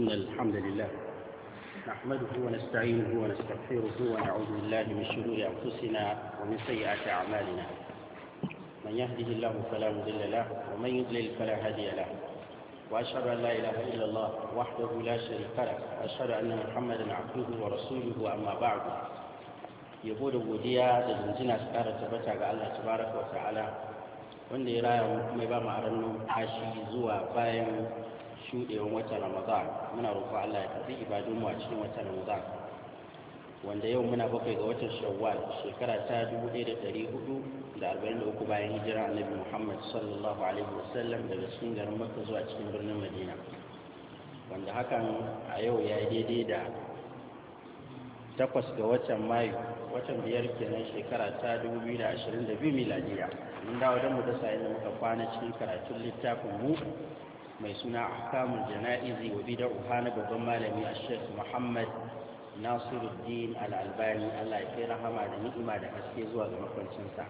إن الحمد لله نحمده ونستعينه ونستغفره ونعوذ بالله من شرور أنفسنا ومن سيئات أعمالنا من يهده الله فلا مضل له ومن يضلل فلا هادي له وأشهد أن لا إله إلا الله وحده لا شريك له وأشهد أن محمدا عبده ورسوله أما بعد يقول بوديا da سكارة تبتع الله تبارك وتعالى Allah tabaraka wa ta'ala wanda ya raya mai ba shuɗewan watan ramadan muna roƙon allah ya karɓi ibadunmu a cikin watan ramadan wanda yau muna bakwai ga watan shawwal shekara ta 1443 bayan hijira annabi muhammad sallallahu alaihi wasallam daga cikin garin makka zuwa cikin birnin madina wanda hakan a yau ya yi daidai da takwas ga watan mayu watan biyar kenan shekara ta 2022 miladiya mun dawo don mu dasa da muka kwana cikin karatun littafin mu mai suna ahkamul jana'izi wa bid'uha na babban malami a Sheikh Muhammad Nasiruddin Al-Albani Allah ya kai rahama da ni'ima da haske zuwa ga makwancinsa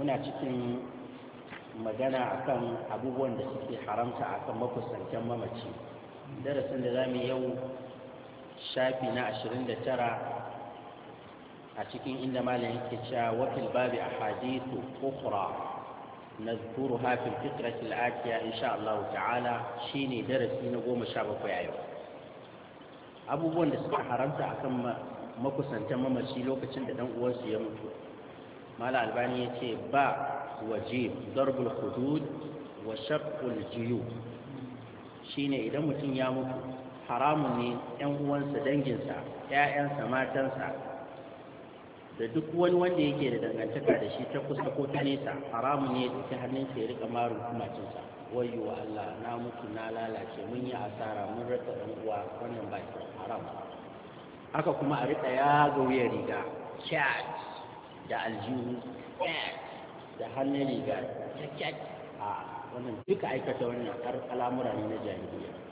muna cikin magana akan abubuwan da suke haramta akan makusantan mamaci darasin da zamu yau shafi na 29 a cikin inda malam yake cewa wakil babu ahadithu ukhra نذكرها في الفترة الآتية إن شاء darasi na goma sha نقوم a yau. abubuwan da suka haramta akan makusantar mamaci lokacin da ɗan'uwansu ya mutu mala albani ya ce ba waje darbul hudud wa shaqqul juyu shine idan mutum ya mutu haramun ne yan uwansa danginsa ƴaƴansa matansa da duk wani wanda yake da dangantaka da shi ta kusa ko ta nesa haramun ne ta hannun sa ya rika maru kumacinsa wayyo Allah na mutu na lalace mun yi asara mun rasa dan uwa wannan ba shi haram haka kuma a rika ya ga wuya riga chat da aljihu da hannun riga chat a wannan duka aikata wannan har al'amura ne na jahiliya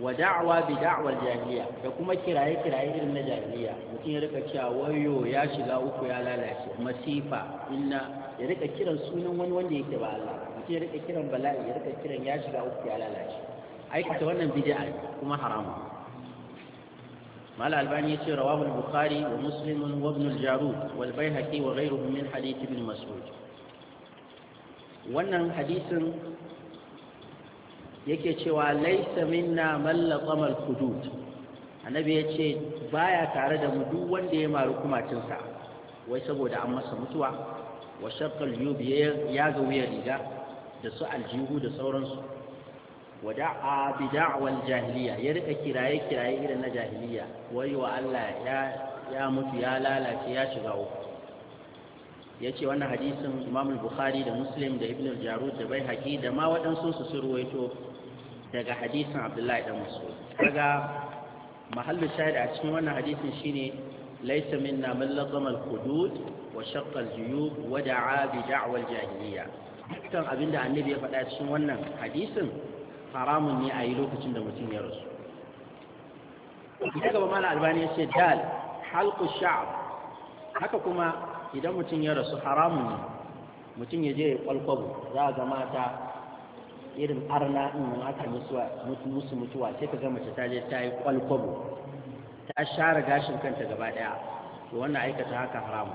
wa da'wa bi da'wal jahiliya da kuma kiraye kiraye irin na jahiliya mutum ya rika cewa wayo ya shiga uku ya lalace masifa inna ya rika kiran sunan wani wanda yake ba Allah mutum ya rika kiran bala'i ya rika kiran ya shiga uku ya lalace aikata wannan bid'a kuma haramu mala albani yace rawahu al-bukhari wa muslim wa ibn al-jarud wal baihaqi wa ghayruhum min hadith ibn mas'ud wannan hadisin yake cewa laisa minna mallaqama al-hudud annabi yace baya tare da mu duk wanda ya maru kumatinsa wai saboda an masa mutuwa wa shaqqal yub ya ga wuya riga da su aljihu da sauransu wada'a bi da'wal jahiliya ya rika kiraye kiraye irin na jahiliya wai wa Allah ya ya mutu ya lalace ya shiga uku yace wannan hadisin imamul al-Bukhari da Muslim da Ibn jarud da haƙi. da ma waɗansu su sun ruwaito daga hadisin abdullahi dan mas'ud daga mahallin shahid a cikin wannan hadisin shine laysa minna man lazama al-hudud wa shaqqa al-juyub wa da'a bi da'wa al-jahiliyya dukkan abinda annabi ya faɗa cikin wannan hadisin haramun ne a yi lokacin da mutum ya rasu ita gaba mana albani ya ce dal halku sha'ab haka kuma idan mutum ya rasu haramun ne mutum ya je ya kwalkwabo za a ga mata irin arna in aka musu mutuwa sai ka ga mace ta je ta yi kwalkwabo ta share gashin kanta gaba daya to wannan aikata haka haramu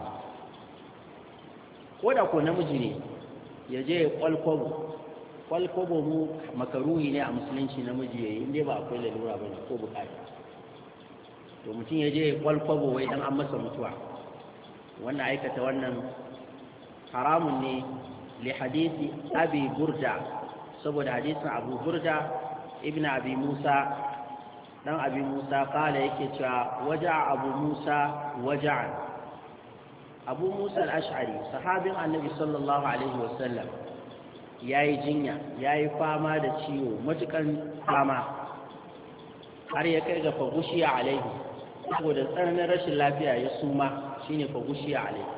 ko da ko namiji ne ya je ya kwalkwabo kwalkwabo mu makaruhi ne a musulunci namiji ya yi inda ba akwai lalura ba ne ko bukata to mutum ya je ya kwalkwabo wai dan an masa mutuwa wannan aikata wannan haramun ne li hadisi abi burda saboda hadisin abu burda ibn abi musa dan abi musa kala yake cewa waja abu musa waja'an abu musa al-ash'ari sahabin annabi sallallahu alaihi wasallam yayi jinya yayi fama da ciwo matukan fama har ya kai ga fagushi alaihi saboda tsananin rashin lafiya ya suma shine fagushi alaihi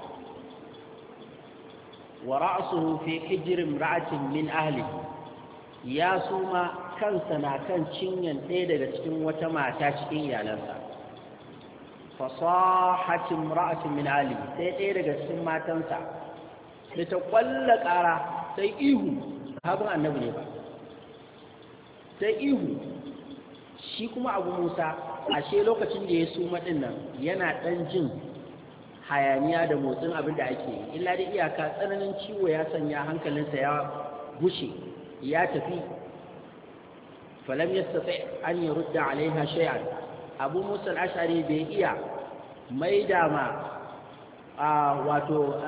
wa ra'suhu fi hijrin ra'atin min ahlihi ya suma kansa na kan cinyan ɗaya daga cikin wata mata cikin iyalansa fasahatin ra'atin min ali sai ɗaya daga cikin matansa da ta ƙwalla ƙara sai ihu haɗin annabi ne ba sai ihu shi kuma abu musa ashe lokacin da ya suma maɗin nan yana ɗan jin hayaniya da motsin abin da ake yi illa da iyaka tsananin ciwo ya sanya hankalinsa ya gushe ya tafi falam yastati an yurda alaiha shay'an abu musa ashari bai iya maida ma wato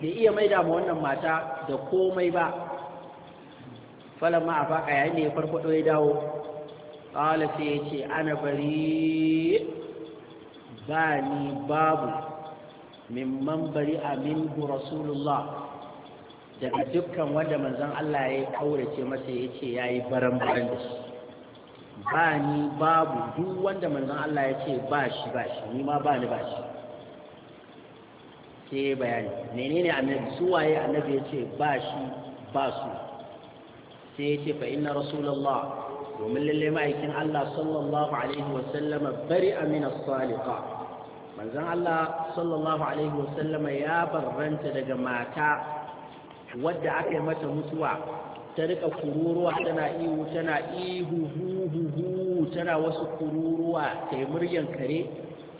bai iya maida ma wannan mata da komai ba falam ma afaka yayin da ya farfado ya dawo qala sai ya ce ana bari bani babu mimman bari aminku rasulullah daga dukkan wanda manzon Allah ya yi kaurace masa ya ce ya yi baran baran da shi ba ni babu duk wanda manzon Allah ya ce ba shi ba shi ni ma ba ni ba shi sai bayani menene annabi su waye annabi ya ce ba shi ba su sai ya ce fa inna rasulullah domin lalle ma'aikin Allah sallallahu alaihi wa sallama bari amina saliqa manzon Allah sallallahu alaihi wa sallama ya barranta daga mata wadda aka yi mata mutuwa ta rika kururuwa tana ihu tana ihu hu hu tana wasu kururuwa ta yi muryan kare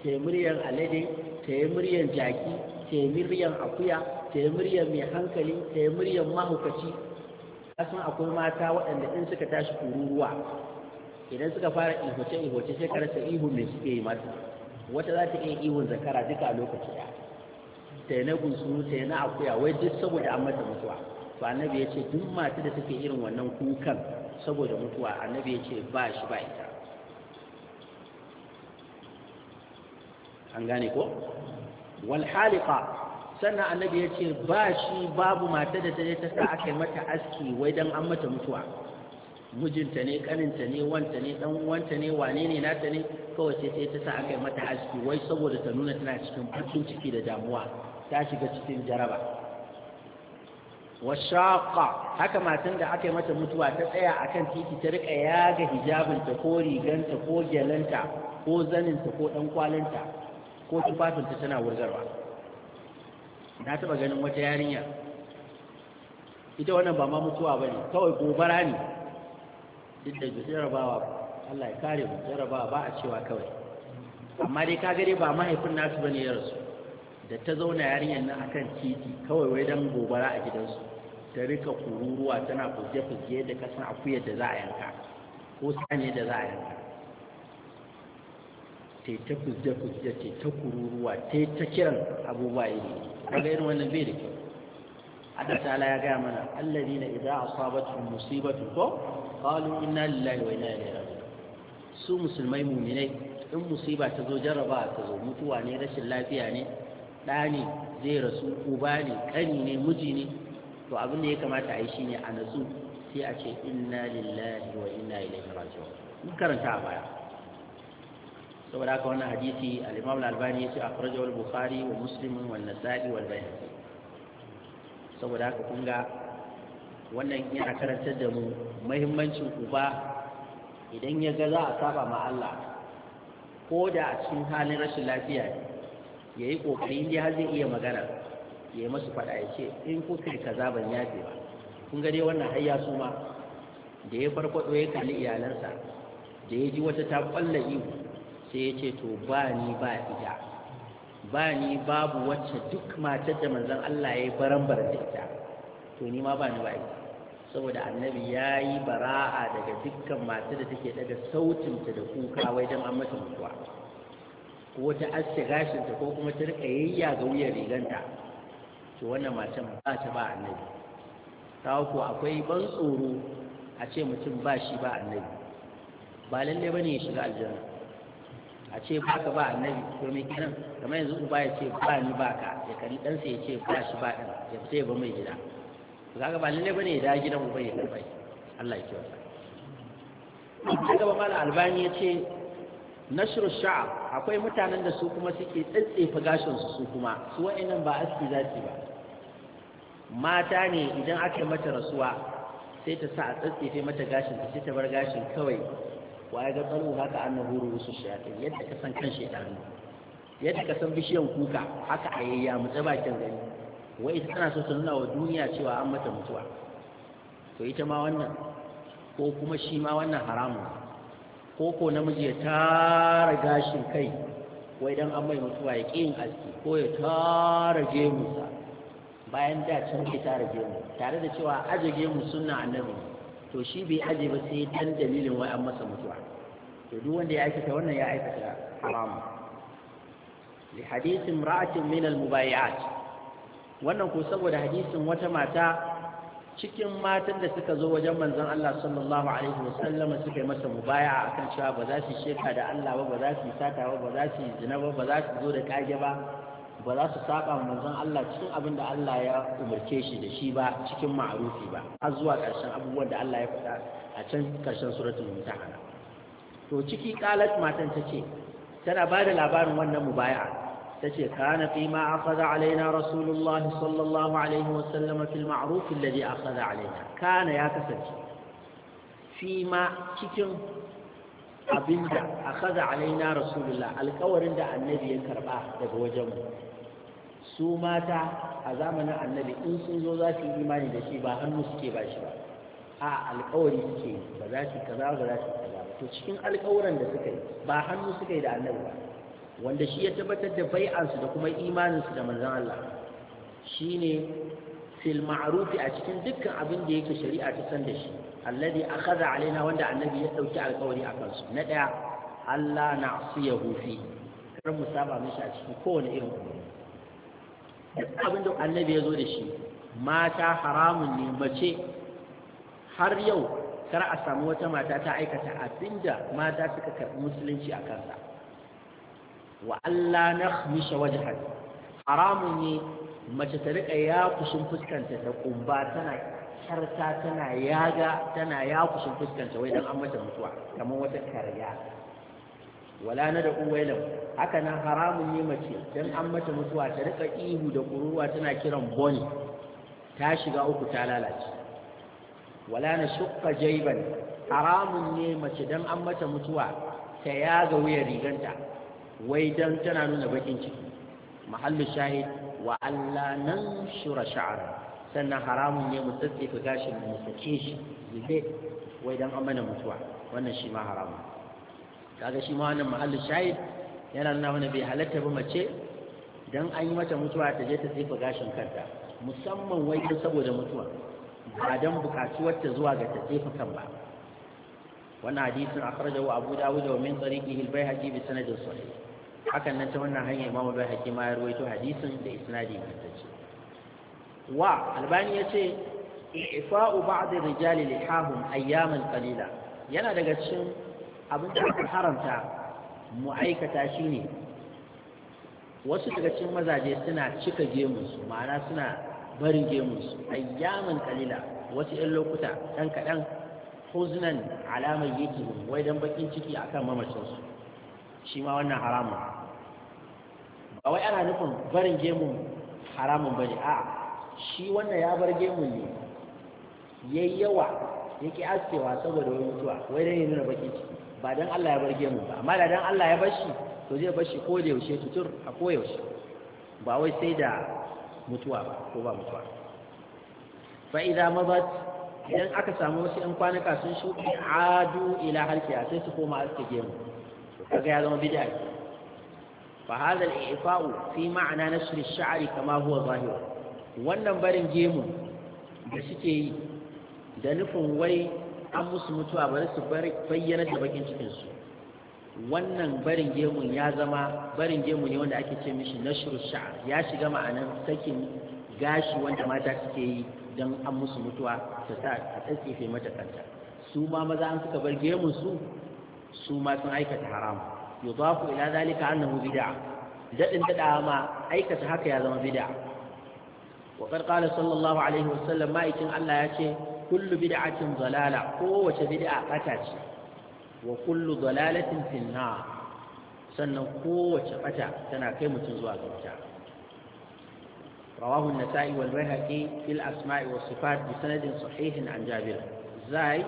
ta yi muryan alade ta yi muryan jaki ta yi muryan akuya ta yi muryan mai hankali ta yi muryan mahaukaci kasan akwai mata waɗanda in suka tashi kururuwa idan suka fara ihoce ihoce sai karasa ihu mai suke yi mata wata za ta iya ihun zakara duka a lokaci ɗaya ta na gunsu ta na akuya wai duk saboda an mata mutuwa to annabi ya ce duk mata da take irin wannan kukan saboda mutuwa annabi ya ce ba shi ba ita an gane ko wal haliqa sannan annabi ya ce ba shi babu mata da ta ta sa aka mata aski wai dan an mata mutuwa mijinta ne kaninta ne wanta ne dan wanta ne wane ne nata ne kawai sai ta sa aka mata aski wai saboda ta nuna tana cikin bakin ciki da damuwa ta shiga cikin jaraba washaqa haka matan da aka yi mata mutuwa ta tsaya akan titi ta rika yaga hijabinta ko riganta ko gyalanta ko zaninta ko dan kwalinta ko tufafinta tana wurgarwa na taɓa ganin wata yarinya ita wannan ba ma mutuwa bane kawai gobara ne duk da jarabawa Allah ya kare mu jarabawa ba a cewa kawai amma dai ka gare ba mahaifin nasu bane ya rasu da ta zauna yarinyar nan akan titi kawai wai dan gobara a gidansu ta rika kururuwa tana fuge-fuge da kasan akuyar da za a yanka ko sani da za a yanka ta ta fuge-fuge ta ta kururuwa ta ta kiran abubuwa yi daga irin wannan bai da kyau Allah ta'ala ya gaya mana allazi na idan sabatun musibatu ko qalu inna lillahi wa inna ilaihi raji'un su musulmai mu'minai in musiba ta zo jarraba ta zo mutuwa ne rashin lafiya ne ɗa ne zai rasu uba ne ƙani ne miji ne to abin da ya kamata a yi shi ne a natsu sai a ce inna lillahi wa inna ilaihi raji'un mun karanta a baya saboda haka wannan hadisi al-Imam al-Albani yace akhrajahu al-Bukhari wa Muslim wa Nasa'i wa Bayhaqi saboda haka kun ga wannan yana karantar da mu muhimmancin uba idan ya ga za a saba ma Allah ko da a cikin halin rashin lafiya ne ya yi ƙoƙari inda har zai iya magana ya yi masu faɗa ya ce in ku kai kaza ban yafe ba kun ga dai wannan har ya suma da ya farfaɗo ya kalli iyalansa da ya ji wata ta ƙwalla ihu sai ya ce to ba ni ba ita ba ni babu wacce duk matar da manzon Allah ya yi barambar da ita to ni ma ba ni ba ita saboda annabi ya yi bara'a daga dukkan matar da take daga sautinta da kuka wai don an mata mutuwa Wata ta aske gashinta ko kuma ta rika yayya ga wuyan riganta to wannan macen ba ta ba annabi ta ko akwai ban tsoro a ce mutum ba shi ba annabi ba lalle ba ne ya shiga aljanna a ce ba ka ba annabi to me kiran kamar yanzu uba ya ce ba ni ba ka ya kari ɗansa ya ce ba shi ba ɗan ya fita ya ba mai gida to kaga ba lalle ba ne ya dawo gidan uba ya karɓai Allah ya kyauta. ba mana albani ya ce nashru sha'a akwai mutanen da su kuma suke tsatsefa gashin su su kuma su wa'annan ba aski zaki ba mata ne idan aka yi mata rasuwa sai ta sa a tsatsefe mata gashin ta sai ta bar gashin kawai wa ya ga tsaro haka annahu rusu shayatin yadda ka san kan shaytanu yadda ka san bishiyan kuka haka a yayya mutsa bakin gani wai ita tana so ta nuna wa duniya cewa an mata mutuwa to ita ma wannan ko kuma shi ma wannan haramun ko ko namiji ya tara gashin kai wai dan an mai mutuwa ya ƙin aski ko ya tara gemusa bayan da can ke tara gemu tare da cewa aje gemu sunna annabi to shi bai aje ba sai dan dalilin wai an masa mutuwa to duk wanda ya aikata wannan ya aikata haramu li hadithin ra'atin min al-mubayi'at wannan ko saboda hadisin wata mata cikin matan da suka zo wajen manzon Allah sallallahu alaihi wasallama suka yi masa mubaya akan cewa ba za su sheka da Allah ba ba za su sata ba ba za su zina ba ba za su zo da kage ba ba za su saba wa manzon Allah cikin abin da Allah ya umarce shi da shi ba cikin ma'arufi ba har zuwa ƙarshen abubuwan da Allah ya faɗa a can ƙarshen suratul mumtahana to ciki qalat matan ce, tana ba da labarin wannan mubaya تشي كان فيما أخذ علينا رسول الله صلى الله عليه وسلم في المعروف الذي أخذ علينا كان يا كسج فيما كتن أبندا أخذ علينا رسول الله الكور عند النبي يكربا تبوجمه su mata a zamanin annabi in sun zo za su yi imani da shi ba hannu suke ba shi ba a alkawari suke ba za su kaza ba za su kaza to cikin alkawuran da suka yi ba hannu suka yi da annabi ba wanda shi ya tabbatar da bai'ansu da kuma imaninsu da manzan Allah shi ne fil a cikin dukkan abin da yake shari'a ta san da shi a kaza alaina wanda annabi ya dauki alƙawari a kansu na ɗaya Allah na asiyahu fi kar mu saba mishi a cikin kowane irin duk abin da annabi ya zo da shi mata haramun ne mace har yau kar a samu wata mata ta aikata abinda mata suka karɓi musulunci a kansa wa Allah na khamisha wajhan haramun ne mace ta rika ya kushin fuskanta ta kumba tana karta tana yaga tana ya kushin fuskanta wai dan an mata mutuwa kamar wata karya wala na da uwailam haka nan haramun ne mace dan an mata mutuwa ta rika ihu da kuruwa tana kiran boni ta shiga uku ta lalace wala na shukka jaiban haramun ne mace dan an mata mutuwa ta yaga wuyar riganta wai dan tana nuna bakin ciki mahallu shahid wa alla nan shura sha'ar, sannan haramun ne mu tsatsefe gashin mu sake shi zube wai dan an mana mutuwa wannan shi ma haramun kaga shi ma wannan mahallu shahid yana nuna mana bai halatta ba mace dan an yi mata mutuwa ta je ta tsefa gashin kanta musamman wai saboda mutuwa ba dan bukatuwar ta zuwa ga ta tsefe kan ba wannan hadisin akhrajahu abu dawud wa min tariqihi al-baihaqi bi sanadin sahih hakan nan ta wannan hanyar imamu bai haƙi ma ya ruwaito hadisin da isnadi ingantacce wa albani ya ce ifa'u ba'd rijali lihahum ayyaman qalila yana daga cikin abin da aka haramta mu aikata shine wasu daga cikin mazaje suna cika gemunsu ma'ana suna barin gemunsu ayyaman qalila wasu 'yan lokuta ɗan kaɗan huznan alamar yake wai dan bakin ciki akan mamacinsu shi ma wannan haramun ba wai ana nufin barin gemun haramun ba ne. a shi wannan ya bar gemun ne Ya yi yawa ya ke askewa saboda wani mutuwa wai dai nuna baki ciki ba don Allah ya bar gemun ba amma da don Allah ya bar shi to zai bar shi ko da yaushe tutur a ko yaushe ba wai sai da mutuwa ba ko ba mutuwa fa idza madat idan aka samu wasu 'yan kwanuka sun shuɗe adu ila halkiya sai su koma aske gemu kaga ya zama bid'a fa hada al-i'fa'u fi ma'na nasl ash-sha'r kama huwa zahir wannan barin gemu da suke yi da nufin wai an musu mutuwa bari su bayyana da bakin cikin su wannan barin gemun ya zama barin gemu ne wanda ake ce mishi nashru sha'r ya shiga ma'anan sakin gashi wanda mata suke yi dan an musu mutuwa ta sa a tsakife mata kanta su ma maza an suka bar gemun su su ma sun aikata haram ku ila zalika annahu bid'a dadin dada ma aikata haka ya zama bid'a wa qad qala sallallahu alaihi wasallam ma'aikin Allah ya ce kullu bid'atin dalala kowace bid'a kata ce wa kullu dalalatin fin sannan kowace bata tana kai mutum zuwa ga wuta رواه النسائي والبيهقي Asma'i الأسماء والصفات sanadin صحيح an جابر zai.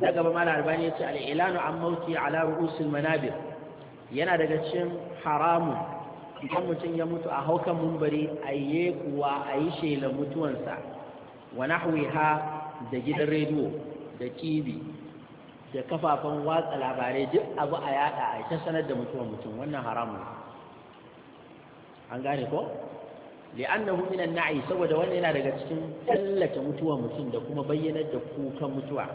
da gaba mala albani ya ce al'ilanu an mauti ala ru'usul manabir yana daga cikin haramu idan mutum ya mutu a haukan mumbari a yi kuwa a yi mutuwansa wa nahwiha da gidan rediyo da tv da kafafen watsa labarai duk abu a yada a ta sanar da mutuwan mutum wannan haramun an gane ko li'annahu na'i saboda wannan yana daga cikin tallata mutuwan mutum da kuma bayyanar da kukan mutuwa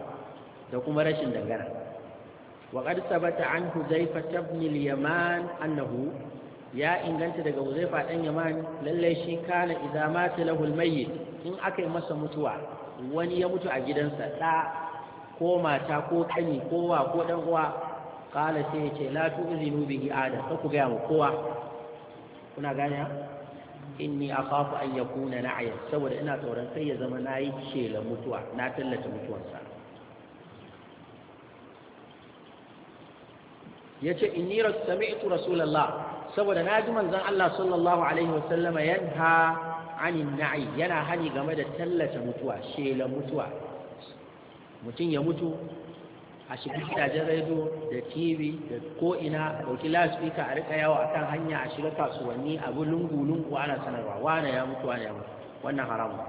da kuma rashin dangana wa sabata an huzaifa ibn al-yaman annahu ya inganta daga huzaifa ɗan yaman lalle shi kana idza mata lahu al-mayyit in akai masa mutuwa wani ya mutu a gidansa da ko mata ko kani ko wa ko dan uwa kala sai ce la tu'zinu bihi ada ku ga mu kowa kuna gane inni akhafu an yakuna na'ya saboda ina tsoron sai ya zama nayi shela mutuwa na tallata mutuwarsa ya ce inni sami'tu rasulallah saboda na ji manzon Allah sallallahu alaihi wasallama yanha anin na'i yana hani game da tallata mutuwa shela mutuwa mutum ya mutu a shiga gidajen radio da tv da ko ko'ina ɗauki lasfika a rika yawo akan hanya a shiga kasuwanni a lungu-lungu ana sanarwa wane ya mutu wane ya mutu wannan haramun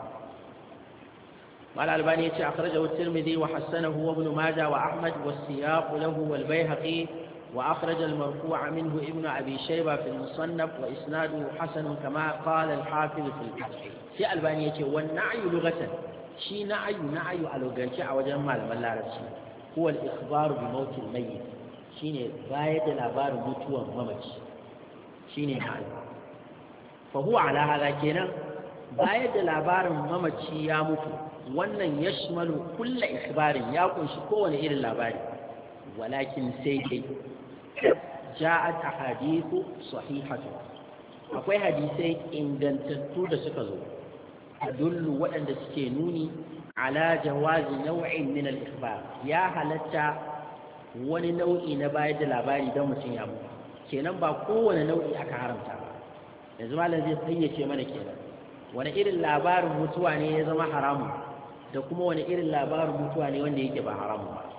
مال الباني أخرجه الترمذي وحسنه وابن ماجه وأحمد والسياق له والبيهقي وأخرج المرفوع منه ابن أبي شيبة في المصنف وإسناده حسن كما قال الحافظ في الفتح في ألبانية والنعي لغة شي نعي نعي ألوغانشي أوجه مال ملارسي هو الإخبار بموت الميت شيني باية الأبار موتوا ممج شيني حال فهو على هذا كنا باية الأبار ممج يا موتوا wannan ya shimalu kulla ikibarin ya kunshi kowane irin labari walakin sai dai ja'at ahadithu sahihatu akwai hadisai ingantattu da suka zo adullu waɗanda suke nuni ala jawazi nau'in min al-ikhbar ya halatta wani nau'i na bayar da labari don mutum ya mutu kenan ba kowane nau'i aka haramta ba yanzu malam zai fayyace mana kenan wani irin labarin mutuwa ne ya zama haramu, da kuma wani irin labarin mutuwa ne wanda yake ba haramu ba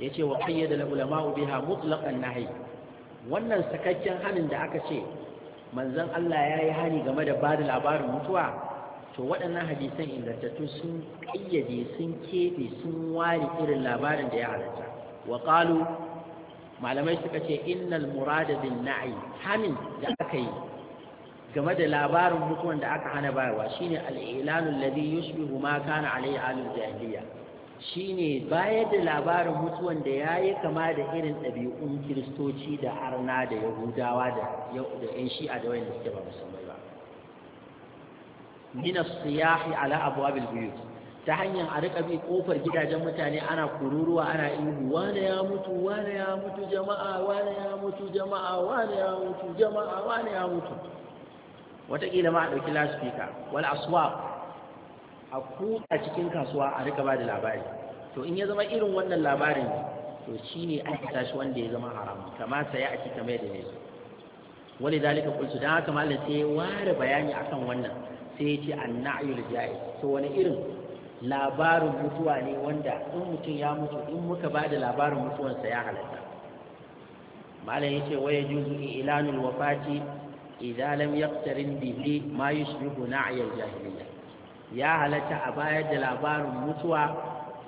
yace wa qayyada al ulama biha na nahy wannan sakakken hanin da aka ce manzon Allah yayi hani game da bada labarin mutuwa to waɗannan hadisan ingantattu sun ƙayyade, sun kefe, sun ware irin labarin da ya halatta wa malamai suka ce innal murada bin na'i hanin da aka yi game da labarin mutuwan da aka hana bayarwa shine al-ilanul ladhi yushbihu ma kana alayhi alul jahiliya Shi ne bayar da labarin mutuwan da ya yi kama da irin ɗabi'un kiristoci da arna da yahudawa da yan shi'a a wayan da suke ba musulmai ba ya siyahi ala abwabil buyut ta hanyar a rika bi kofar gidajen mutane ana kururuwa ana ihu wane ya mutu wane ya mutu jama'a wane ya mutu jama'a wane ya mutu jama'a wane ya mutu wataƙila ma a ɗauki lasfika wal aswa a a cikin kasuwa a rika ba da labari to in ya zama irin wannan labarin to shi ne an shi wanda ya zama haram kama sai a cikin mai da ya wani dalika kulsu don haka malam sai ya ware bayani akan wannan sai ya ce an ja'i to wani irin labarin mutuwa ne wanda in mutum ya mutu in muka ba da labarin mutuwansa ya halatta malam ya ce waya juzu ilanul wafati idan lam yaqtarin bihi ma yushbihu na'yal jahiliyya ya halatta a bayar da labarin mutuwa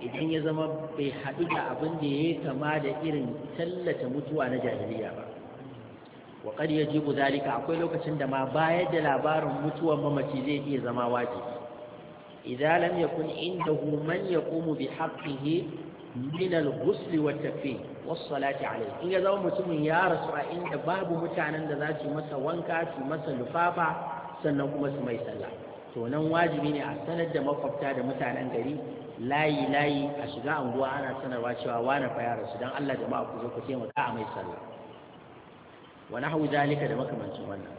idan ya zama bai haɗu da abin da ya kama da irin tallata mutuwa na jahiliya ba wa ya yajibu zalika akwai lokacin da ma bayar da labarin mutuwar mamaci zai iya zama wajibi idza lam yakun indahu man yaqumu bi haqqihi min al-ghusl wa tafi wasu salati alayhi in ya zama mutumin ya rasu a inda babu mutanen da za su masa wanka su masa lufafa sannan kuma su mai sallah to nan wajibi ne a sanar da makwabta da mutanen gari layi layi a shiga unguwa ana sanarwa cewa wane fa ya don dan Allah jama'a ku zo ku taimaka a mai sallah wa nahwu zalika da makamancin wannan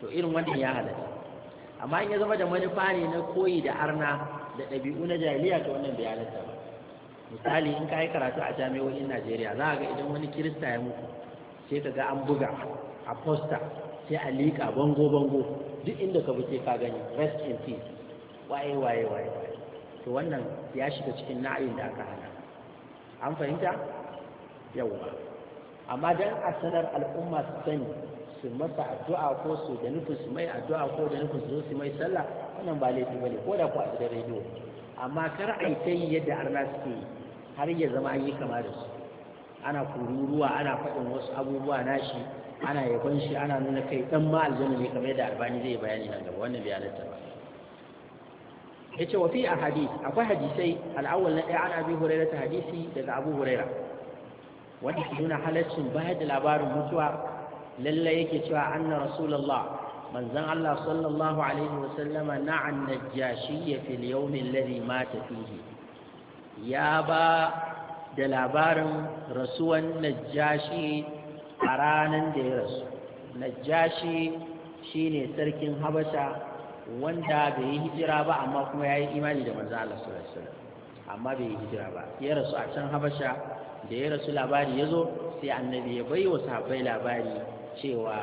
to irin wannan ya halatta amma in ya zama da manufa ne na koyi da arna da ɗabi'u na jahiliya to wannan bai halatta ba misali in ka yi karatu a jami'o'in Najeriya za a ga idan wani kirista ya mutu sai ka ga an buga a posta sai a liƙa bango-bango duk inda ka bi ka gani rest in peace waye waye waye to wannan ya shiga cikin na'ayin da aka hana an fahimta yawwa amma dan a sanar al'umma su sani su masa addu'a ko su da nufin su mai addu'a ko da nufin su zo su mai sallah wannan ba laifi bane ko da ku a gidan rediyo amma kar a yi ta yi yadda arna suke har ya zama an yi kama da su ana kururuwa ana faɗin wasu abubuwa nashi ana yabon shi ana nuna kai ɗan ma aljanna ne kamar yadda albani zai bayani nan gaba wannan bayanarta ba ya ce a hadis akwai hadisai al'awal na ɗaya ana bi huraira ta hadisi daga abu huraira wanda ke nuna halaccin bayar da labarin mutuwa lallai yake cewa anna rasulullah manzon Allah sallallahu alaihi wa sallama na'an ya fil yawmin alladhi mata fihi ya ba da labarin rasuwan najashi a ranar da ya rasu najashi shine sarkin habasha wanda bai yi hijira ba amma kuma ya yi imani da manzo Allah sallallahu alaihi wasallam amma bai yi hijira ba ya rasu a can habasha da ya rasu labari ya zo sai annabi ya bai wa sahabbai labari cewa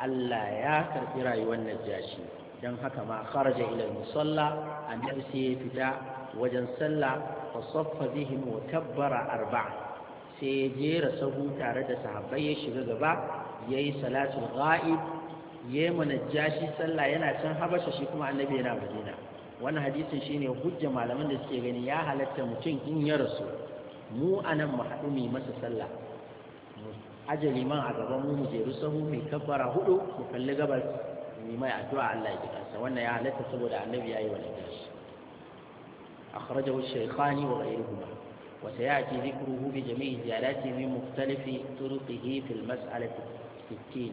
Allah ya karɓi rayuwar najashi don haka ma kharaja ila musalla annabi sai ya fita wajen sallah wa saffa bihim wa kabbara arba'a sai ya jera sahu tare da sahabbai ya shiga gaba yayi salatul yi yayi shi sallah yana can habasha shi kuma annabi yana madina wannan hadisin shine hujja malaman da suke gani ya halatta mutum in ya rasu mu anan mu haɗu mu masa sallah ajali man a gaban mu mu jeru sahu mai kabbara hudu mu kalli gabas mu mai addu'a Allah ya ji wannan ya halatta saboda annabi yi wannan أخرجه الشيخان وغيرهما وسيأتي ذكره بجميع زيارات من مختلف طرقه في المسألة الستين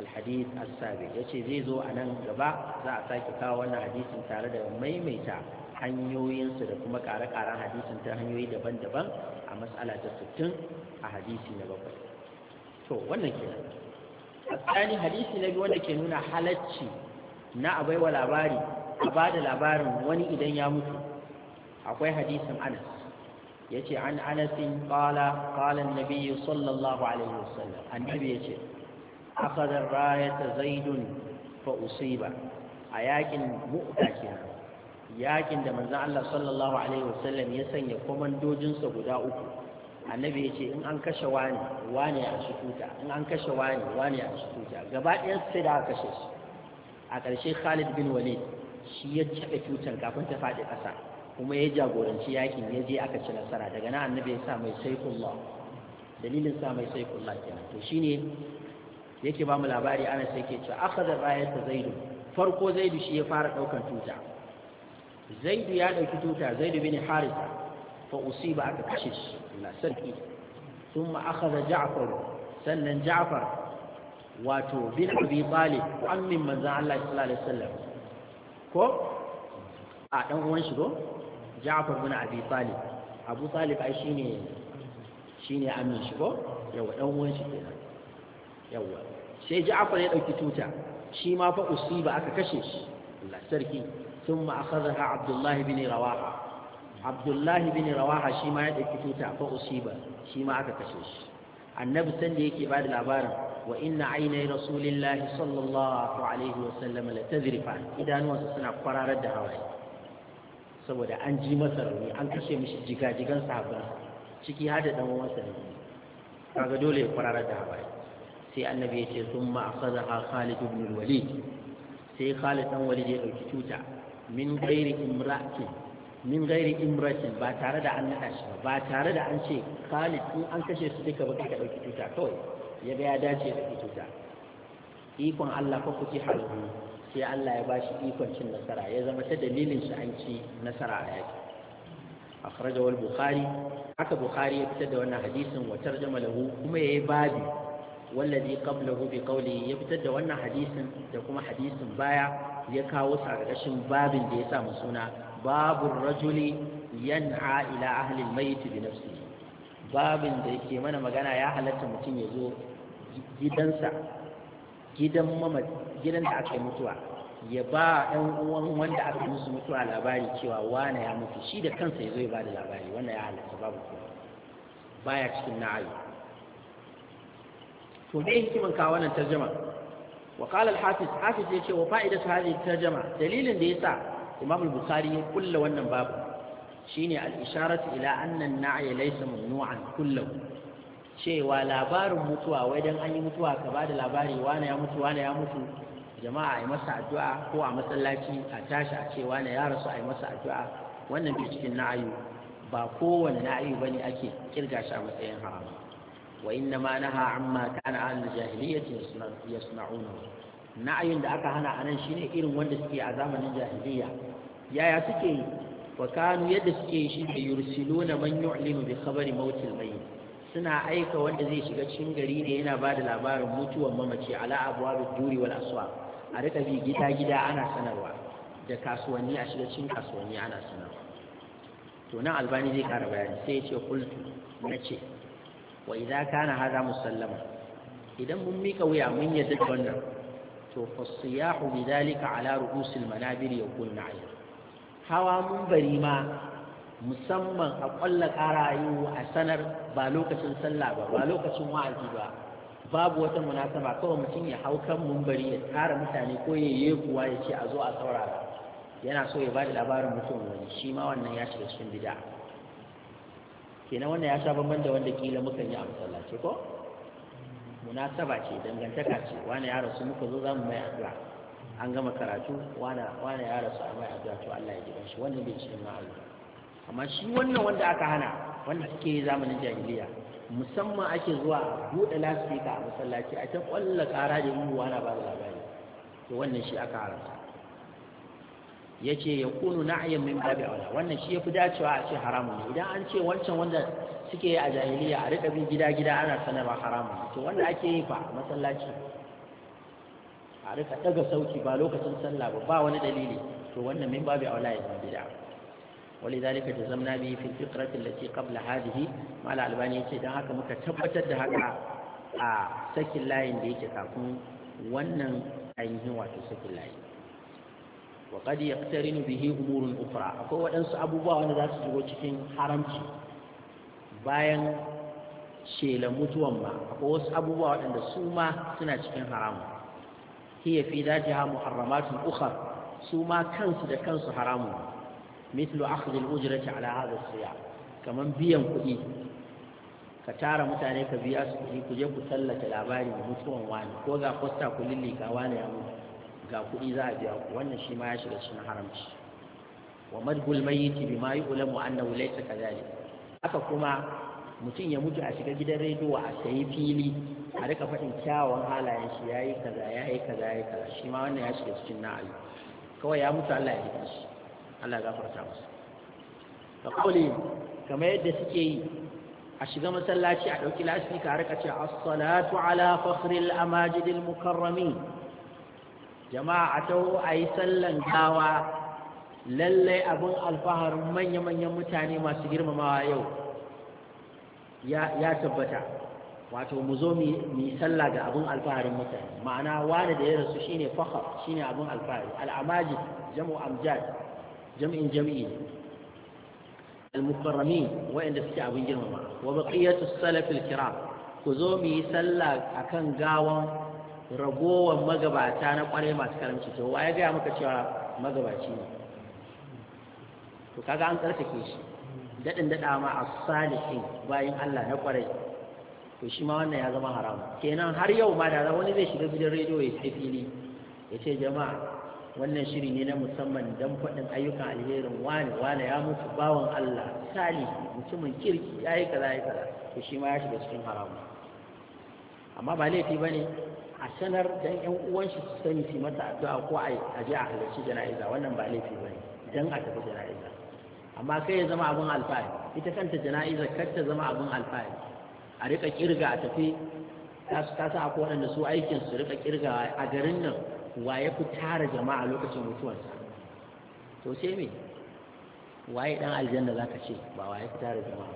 الحديث السابع يشيزيزو أن انقبع سأتاك كاوانا حديث تارد ومي ميتا حنيوين صدقما كارك على حديث تهنيوين دبن دبن المسألة الستين أحاديث نبقى تو وانا كنا الثاني حديث نبي وانا كنونا حالتشي na abai wa labari a ba da labarin wani akwai hadisin anas ya ce an anasin ƙala ƙalan nabi sallallahu alaihi wasallam annabi ya ce akadar rayata zaidun fa usiba a yakin mu'ta kenan yakin da manzan Allah sallallahu alaihi wasallam ya sanya komandojinsa guda uku annabi ya ce in an kashe wani wani a shukuta in an kashe wani wani a shukuta gaba ɗaya sai da aka kashe shi a ƙarshe Khalid bin Walid shi ya caɓe tutar kafin ta faɗi ƙasa kuma ya jagoranci yakin ya je aka ci nasara daga nan annabi ya sa mai saifullah dalilin sa mai saifullah kenan to shine yake ba mu labari ana sai yake cewa akhadha rayata zaidu farko zaidu shi ya fara daukan tuta zaidu ya dauki tuta zaidu bin harisa fa usiba aka kashe shi na sarki thumma akhadha ja'far sannan ja'far wato bin abi talib ammin manzon Allah sallallahu alaihi wasallam ko a dan uwan shi ko Ja'far bin Abi Talib Abu Talib ai shine shine amin shi ko yawa dan uwan shi kenan yawa sai Ja'far ya dauki tuta shi ma fa usiba aka kashe shi Allah sarki thumma akhadha Abdullah bin Rawaha Abdullah bin Rawaha shi ma ya dauki tuta fa usiba shi ma aka kashe shi annabi sanda yake bada labarin وإن عيني رسول الله صلى الله عليه وسلم لتذرفان إذا suna سنة da hawaye. saboda an ji masa rauni an kashe mishi jigajigan sahabban ciki har da dan uwansa ne kaga dole ya kwarara da hawaye sai annabi ya ce thumma akhadha Khalid ibn al-Walid sai Khalid dan Walid ya dauki tuta min gairi imra'atin min gairi imrakin ba tare da an naɗa shi ba Ba tare da an ce khalid in an kashe su duka ba ka ɗauki tuta kawai ya ga ya dace da ɗauki tuta ikon Allah ko kuke halu sai Allah ya bashi ikon cin nasara ya zama ta dalilin shi an ci nasara a yaki akhrajahu al-bukhari haka bukhari ya fitar da wannan hadisin wa tarjama lahu kuma yayi babi wallazi qablahu bi qawlihi ya fitar da wannan hadisin da kuma hadisin baya ya kawo sakarkashin ƙarƙashin babin da ya sa mu suna babu rajuli yan'a ila ahli al-mayt bi nafsihi babin da yake mana magana ya halatta mutum ya zo gidansa gidan gidan da aka yi mutuwa ya ba ɗan uwan wanda aka musu mutuwa labari cewa wane ya mutu shi da kansa ya zo ya ba da labari wannan ya halatta babu kuma baya cikin na'ayi to me hikiman kawo wannan tarjama wa qala al-hafiz hafiz ce wa fa'idatu hadhihi tarjama dalilin da yasa imam al-bukhari ya kulla wannan babu shine al-isharatu ila anna an-na'ya laysa mamnu'an kullahu cewa labarin mutuwa wai dan an yi mutuwa ka ba da labari wane ya mutu wane ya mutu jama'a a yi masa addu'a ko a masallaci a tashi a cewa wane ya rasu a yi masa addu'a wannan bi cikin na'ayu ba kowane na'ayu bane ake kirga shi a matsayin haram wa inna ma naha amma kana ahlul jahiliyyati yasma'una na'ayin da aka hana anan shine irin wanda suke a zamanin jahiliyya yaya suke yi wa kanu yadda suke yi shi da yursiluna man yu'linu bi khabari mautil mayyit suna aika wanda zai shiga cikin gari ne yana ba da labarin mutuwar mamaci ala abuwa da duri wal aswa a rika bi gida gida ana sanarwa da kasuwanni a shiga cikin kasuwanni ana sanarwa to nan albani zai kara bayani sai ya ce kultu na ce wa idza kana hada musallama idan mun mika wuya mun yadda da wannan to fasiyahu bidalika ala ru'usil manabir yakun na'im hawa mun bari ma musamman a ƙwalla ƙarayu a sanar ba lokacin sallah ba ba lokacin wa'azi ba babu wata munasaba kawai mutum ya hau kan mumbari ya tara mutane ko ya yi kuwa ya ce a zo a saurara yana so ya ba da labarin mutum wani shi ma wannan ya shiga cikin bid'a kenan wannan ya sha bamban da wanda kila mukan yi a masallaci ko munasaba ce dangantaka ce wani ya rasu muka zo za mu mai addu'a an gama karatu wani ya rasu a mai addu'a to Allah ya ji shi wannan bai cikin ma'aikata amma shi wannan wanda aka hana wanda suke zamanin jahiliya musamman ake zuwa buɗe lasfika a masallaci a ta ƙwallo ƙara da yin na ba da labari to wannan shi aka haramta ya ce ya kunu ayyan min babi aula wannan shi ya fi dacewa a ce haramun ne idan an ce wancan wanda suke a jahiliya a riƙa bin gida-gida ana ba haramun ne to wanda ake yi fa a masallaci a riƙa ɗaga sauki ba lokacin sallah ba ba wani dalili to wannan min babi aula ya zama bid'a ولذلك جزمنا به في الفقرة التي قبل هذه مع الألباني يتدى هكا مكتبتة هكا سكي اللاين دي تكاكم ونن أينه واتو سكي اللاين وقد يقترن به أمور أخرى أكو أنس أبو باوان ذات جوجكين حرمتي bayan shela mutuwan ma akwai wasu abubuwa waɗanda su ma suna cikin haramu hiya fi dajiha muharramatun ukhra su ma kansu da kansu haramu mislu akhdhi al-ujrati ala hadha as-siyam kaman biyan kuɗi ka tara mutane ka biya su ku je ku tallata labarin mutuwan wani ko ga fosta ku lillika wani ya mutu ga kuɗi za a biya ku wannan shi ma ya shiga cikin haramci wa madhul mayyiti bima yu'lamu annahu laysa kadhalik haka kuma mutum ya mutu a shiga gidan rediyo a sayi fili a rika faɗin kyawawan halayen shi yayi kaza yayi kaza yayi kaza shi wannan ya shiga cikin na'ali kawai ya mutu Allah ya rike shi Allah ya gafarta musu ka kawai kamar yadda suke yi a shiga masallaci a ɗauki lasfi ka harka ce assalatu ala fakhril amajidil mukarrami jama'a a taho a yi sallan gawa lallai abin alfaharin manya-manyan mutane masu girmamawa yau ya tabbata wato mu zo mu yi sallah ga abin alfaharin mutane ma'ana wani da ya rasu shine fakhar shine abin alfahari al'amaji jamu amjad Jami'in jam'i al waɗanda suke abin girmama wa baqiyatu salaf al-kiram ku zo mu yi sallah akan gawan ragowar magabata na kwarai masu karamci to ya ga maka cewa magabaci ne to kaga an ke shi dadin dada ma as-salihin bayin Allah na kwarai to shi ma wannan ya zama haramu kenan har yau ma da wani zai shiga gidan rediyo ya tafi ne ya ce jama'a wannan shiri ne na musamman don faɗin ayyukan alherin wani wani ya mutu bawan Allah sali mutumin kirki ya yi kaza ya kaza to shi ma ya shiga cikin haramu amma ba laifi ba ne a sanar don yan uwan shi su sani su masa addu'a ko a je a halarci jana'iza wannan ba laifi ba ne don a tafi jana'iza amma kai ya zama abin alfahari ita kanta jana'iza kar ta zama abin alfahari a rika kirga a tafi ta sa ko waɗanda su aikin su rika kirga a garin nan wa ya fi tara jama'a lokacin mutuwarsa to sai me waye dan aljanna zaka ce ba waye fi tara jama'a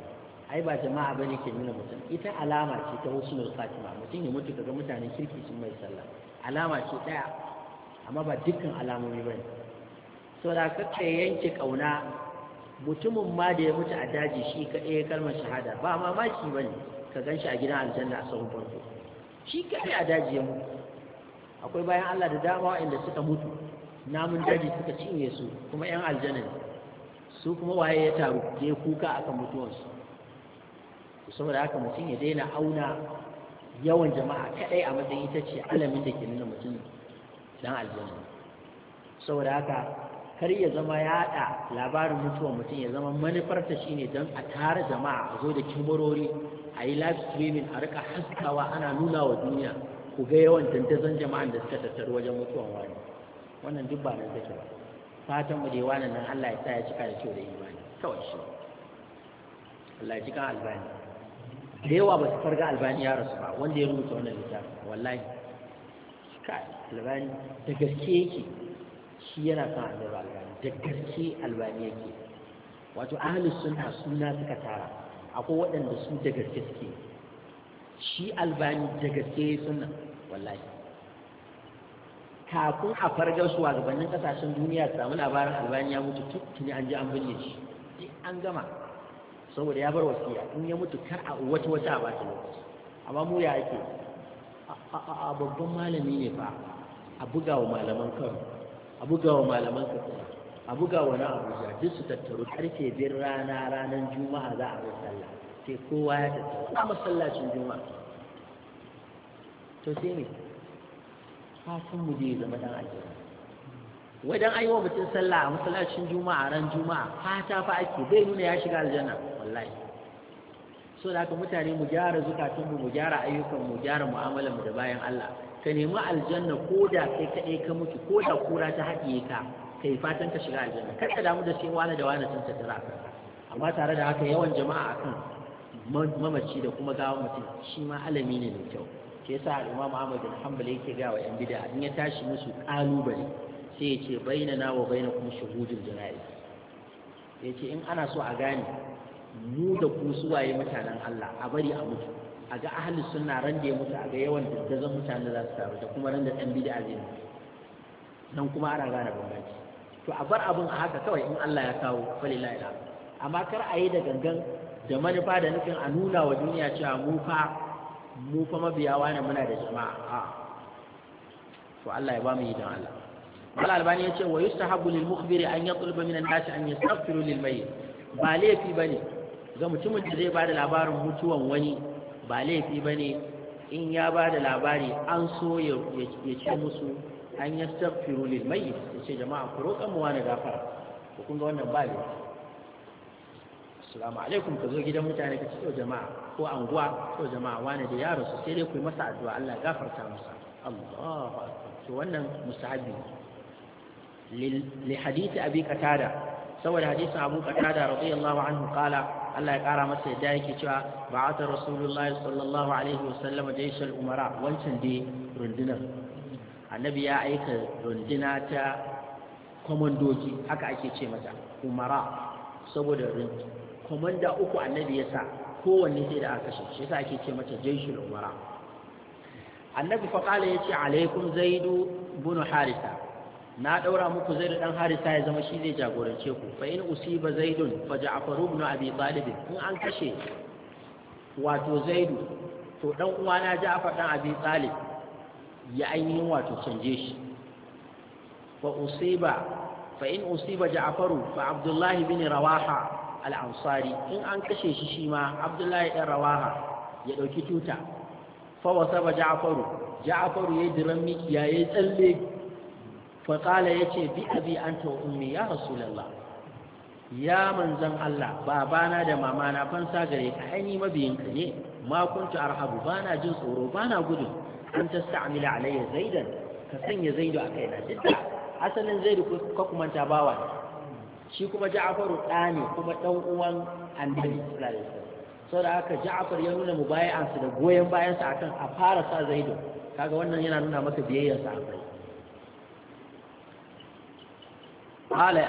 ai ba jama'a bane ke nuna mutum ita alama ce ta husnul khatima mutum ya mutu kaga mutanen kirki sun mai sallah alama ce daya amma ba dukkan alamomi bane da kakka yanke kauna mutumin ma da ya mutu a daji shi ka ɗaya kalmar shahada ba mamaki bane ka gan shi a gidan aljanna a sahun farko shi kaɗai a daji ya mutu akwai bayan Allah da dama inda suka mutu namun daji suka cinye su kuma yan aljanna su kuma waye ya taru je kuka akan su saboda haka mutum ya daina auna yawan jama'a kadai a matsayin ita ce alamin da ke nuna mutum dan aljanna saboda haka kar ya zama ya haɗa labarin mutuwar mutum ya zama manufarta shine don a tara jama'a a zo da kimarori a yi live streaming a rika haskawa ana nuna wa duniya ku ga yawan tantazon jama'an da suka tattaru wajen mutuwan wani wannan duk ba nan take ba fatan mu dai wannan nan Allah ya sa ya cika da kyau da imani kawai shi Allah ya cika albani da yawa ba su farga albani ya rasu ba wanda ya rubuta wannan littafin wallahi ka albani da gaske yake shi yana kan annabi albani da gaske albani yake wato ahlus sunna suna suka tara akwai waɗanda su da gaske suke shi albani da gaske suna wallahi kafin a fargar su gabanin kasashen duniya su samu labarin albani ya mutu tuttuni an ji an binne shi duk an gama saboda ya bar wasiya in ya mutu kar a wata wata a bata lokaci amma mu ya ake a babban malami ne fa a buga wa malaman kano a buga wa malaman katsina a buga wa na abuja duk su tattaru karfe biyar rana ranar juma'a za a bai sallah sai kowa ya tafi a masallacin juma'a to ne fatan mu je zama dan aljanna wajen aiwa mutum sallah a masallacin juma'a ran juma'a fata fa ake bai nuna ya shiga aljanna wallahi so da haka mutane mu gyara zukatun mu mu gyara ayyukan mu gyara mu'amalar mu da bayan Allah ka nemi aljanna ko da kai kaɗai ka mutu ko da kura ta haɗiye ka kai fatan ka shiga aljanna kar ka damu da sai wani da wani sun tattara amma tare da haka yawan jama'a akan mamaci da kuma gawa mutum shi ma alami ne mai kyau ke sa al'umma imam Ahmad bin Hanbal yake ga wa yan bid'a in ya tashi musu kalubale sai ya ce na wa shahudin jana'i Ya ce in ana so a gane mu da ku suwaye mutanen Allah a bari a mutu a ga ahli sunna ran da ya mutu a ga yawan daddazan mutanen za su taru da kuma ran da dan bid'a zai mutu nan kuma ana gane bambanci to a bar abin a haka kawai in Allah ya kawo falilahi amma kar a yi da gangan da manufa da nufin a nuna wa duniya cewa mu fa mu fa mabiyawa ne muna da jama'a a to Allah ya ba mu yi don Allah Mal albani ya ce wa yustahabu lil mukhbiri an yatluba min an-nas an yastaghfiru lil mayyit ba laifi bane ga mutumin da zai bada labarin mutuwan wani ba laifi bane in ya bada labari an so ya ce musu an yastaghfiru lil mayyit ya ce jama'a ku roƙa mu wani gafara ko kun ga wannan ba laifi assalamu alaikum ka zo gidan mutane ka ce jama'a ko anguwa to jama'a wani da ya rasu sai dai ku yi masa addu'a Allah ya gafarta masa Allahu akbar to wannan musahabi li hadisi abi qatada saboda hadisin abu qatada radiyallahu anhu qala Allah ya kara masa yadda yake cewa ba'ata rasulullahi sallallahu alaihi wa wasallam jaishal umara wancan dai rundunar annabi ya aika runduna ta komandoji haka ake ce mata umara saboda komanda uku annabi ya sa kowanne sai da aka kashe shi yasa ake ce mata jaishul umara annabi fa qala yace alaikum zaidu bin harisa na daura muku zaidu dan harisa ya zama shi zai jagorance ku fa in usiba zaidun fa ja'far ibn abi talib in an kashe wato zaidu to dan uwana ja'far dan abi talib ya ainihin wato canje shi fa usiba fa in usiba ja'faru fa abdullahi bin rawaha al'ansari in an kashe shi shi ma abdullahi ɗan rawaha ya ɗauki tuta fawa saba ja'afaru ja'afaru ya yi diran mikiya ya yi tsalle faƙala ya ce bi abi an ta ummi ya rasulallah ya manzan Allah babana da mamana fansa gare ka hanyi mabiyin ka ne ma kuntu arhabu bana jin tsoro bana gudun an tasta'mila alayya zaidan ka sanya zaidu a kaina asalin zaidu kuma ta bawa shi kuma ja'afaru ɗa ne kuma ɗan uwan annabi sallallahu alaihi wasallam saboda haka ja'afar ya nuna mu su da goyon bayansa akan a fara sa zaidu kaga wannan yana nuna masa biyayyarsa a kai qala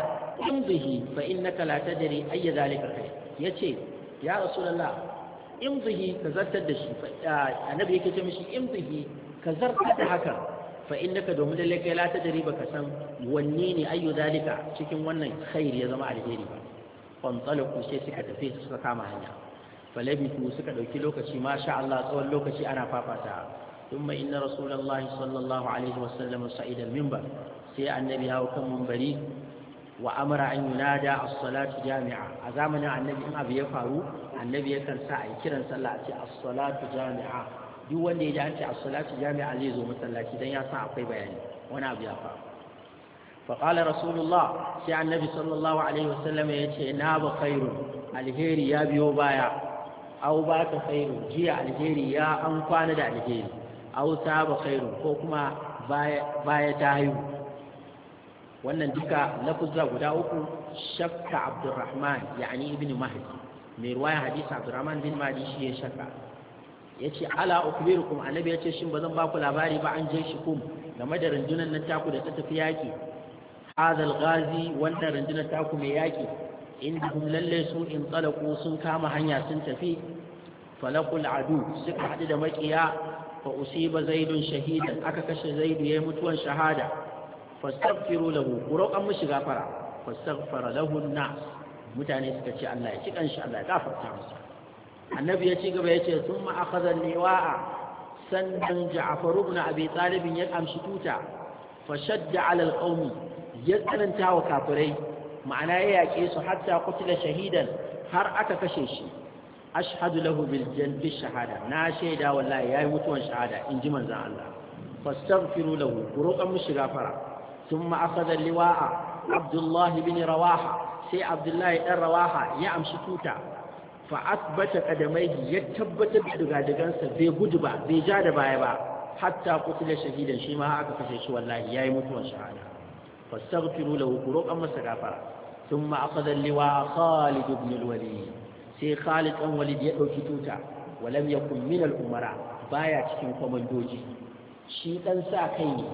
bihi, fa innaka la tadri ayya zalika khair yace ya rasulullah bihi ka zartar da shi annabi yake ce mishi In bihi ka zartar da haka fa innaka domin lalle kai la tadri baka san wanne ne ayyu zalika cikin wannan khairi ya zama alheri ba fantalaqu sai suka tafi suka kama hanya falabitu suka ɗauki lokaci masha Allah tsawon lokaci ana fafata thumma inna rasulullahi sallallahu alaihi wasallam sa'ida minbar sai annabi ya kan minbari wa amara an yunada as-salatu jami'a a zamanin annabi in abu ya faru annabi yakan sa a kiran sallah a ce as-salatu jami'a duk wanda ya dace a ce salatu jami'a zai zo masallaci dan ya akwai bayani wani abu ya faru fa sai annabi sallallahu alaihi wasallam ya ce na ba alheri ya biyo baya aw ba ka khairu jiya alheri ya an kwana da alheri aw ta ba ko kuma baya ta haihu wannan duka lafuzza guda uku shakka abdurrahman yani ibn mahdi mai ruwaya hadisi abdurrahman bin mahdi shi ya shaka. ya ce ala kuma annabi ya ce shi ba zan ba ku labari ba an je shi kum game da rundunar na taku da ta tafi yaki Hazal Gazi wannan rundunar taku mai yaki indahum lalle su in talaku sun kama hanya sun tafi falakul adu suka haɗu da makiya fa usiba zaidun shahidan aka kashe zaidu yayi mutuwan shahada fastaghfiru lahu ku roƙan mishi gafara fastaghfara lahu nas mutane suka ce Allah ya ci kanshi Allah ya gafarta masa annabi ya ci gaba ya ce sun ma'akazan newa'a sannan ja'afaru ibn abi talibin ya amshi tuta fashadda alal qaumi ya tsananta wa kafirai ma'ana ya yaƙe su hatta kutila shahidan har aka kashe shi ashadu lahu bil shahada na shaida wallahi yayi mutuwan shahada in ji manzon Allah fastaghfiru lahu roƙan mushi gafara thumma akhadha liwa'a abdullahi bin rawaha sai abdullahi ɗan rawaha ya amshi tuta fa asbata qadamaihi ya tabbatar da dugadigansa bai gudu ba bai ja da baya ba hatta kutila shahidan shi ma aka kashe shi wallahi yi mutuwar shahada fastaghfiru lahu qurban masa gafara thumma akhadha liwa Khalid ibn al sai Khalid ibn Walid ya ɗauki tuta walam ya min al-umara baya cikin komandoji shi ɗan sa kai ne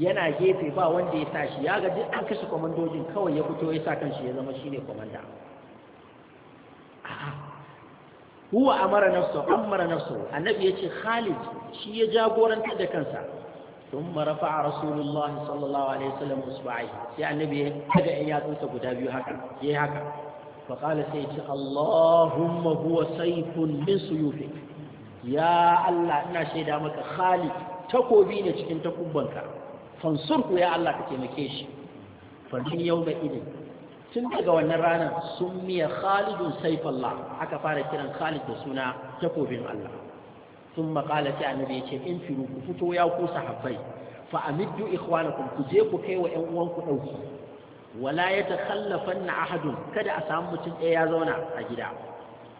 yana gefe ba wanda ya sa shi ya ga duk an kashe kwamandojin kawai ya fito ya sa kanshi ya zama shi ne kwamanda. huwa amara nafsa amara nafsa annabi yace Khalid shi ya jagoranta da kansa thumma rafa'a rasulullahi sallallahu alaihi wasallam usba'i sai annabi ya daga yatsunsa guda biyu haka yayi haka fa qala sai yace Allahumma huwa sayfun min suyufik ya Allah ina shaida maka Khalid takobi ne cikin takubbanka fansurku ya Allah ka taimake shi fa yau yawma idin tun daga wannan ranar sun miya khalidun saifallah aka fara kiran khalid da suna takobin Allah sun makala ta annabi ya ce in firu ku fito ya ku sahabbai fa amiddu ikhwanakum ku je ku kai wa ƴan uwanku ɗauki wala ya na ahadun kada a samu mutum ɗaya ya zauna a gida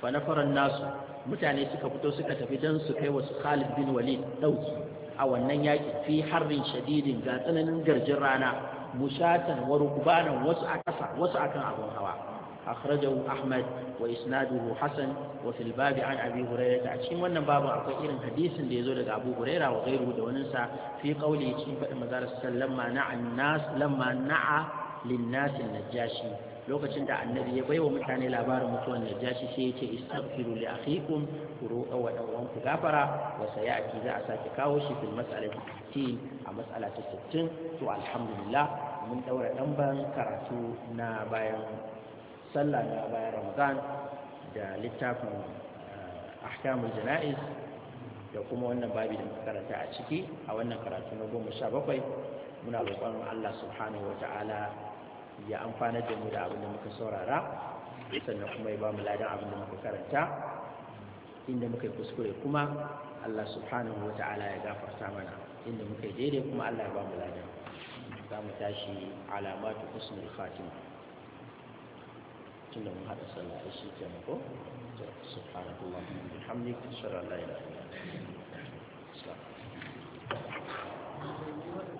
fa nafaran nasu mutane suka fito suka tafi dan su kai wa su Khalid bin Walid ɗauki a wannan yaki fi harrin shadidin ga tsananin garjin rana mushatan wa rukbanan wasu a ƙasa wasu akan abun hawa akhrajahu ahmad wa isnaduhu hasan wa fil an abi hurairah a cikin wannan babu akwai irin hadisin da yazo daga abu hurairah wa ghairuhu da wannan sa fi qawli cikin faɗin manzara sallallahu alaihi wasallam na'a nas lamma na'a lin nas najashi lokacin da annabi ya baiwa mutane labarin mutuwar najashi sai ya ce istaghfiru li akhikum ku roƙa wa gafara wa sayati za a sake kawo shi fil mas'alati 60 a matsala ta 60 to alhamdulillah mun daura dan ban karatu na bayan sallah na bayan ramadan da littafin eh, ahkamul jana'iz da kuma wannan babi da karanta a ciki a wannan karatu na goma sha bakwai muna roƙon Allah subhanahu wa ta'ala ya amfana da mu da abin da muka saurara sannan kuma ya ba mu ladan abin da muka karanta inda muka yi kuskure kuma Allah subhanahu wa ta'ala ya gafarta mana inda muka yi daidai kuma Allah ya ba mu ladan za mu tashi alamatu husnul khatima tunda mun hada sallah shi kenan ko subhanallahi wa bihamdihi ashhadu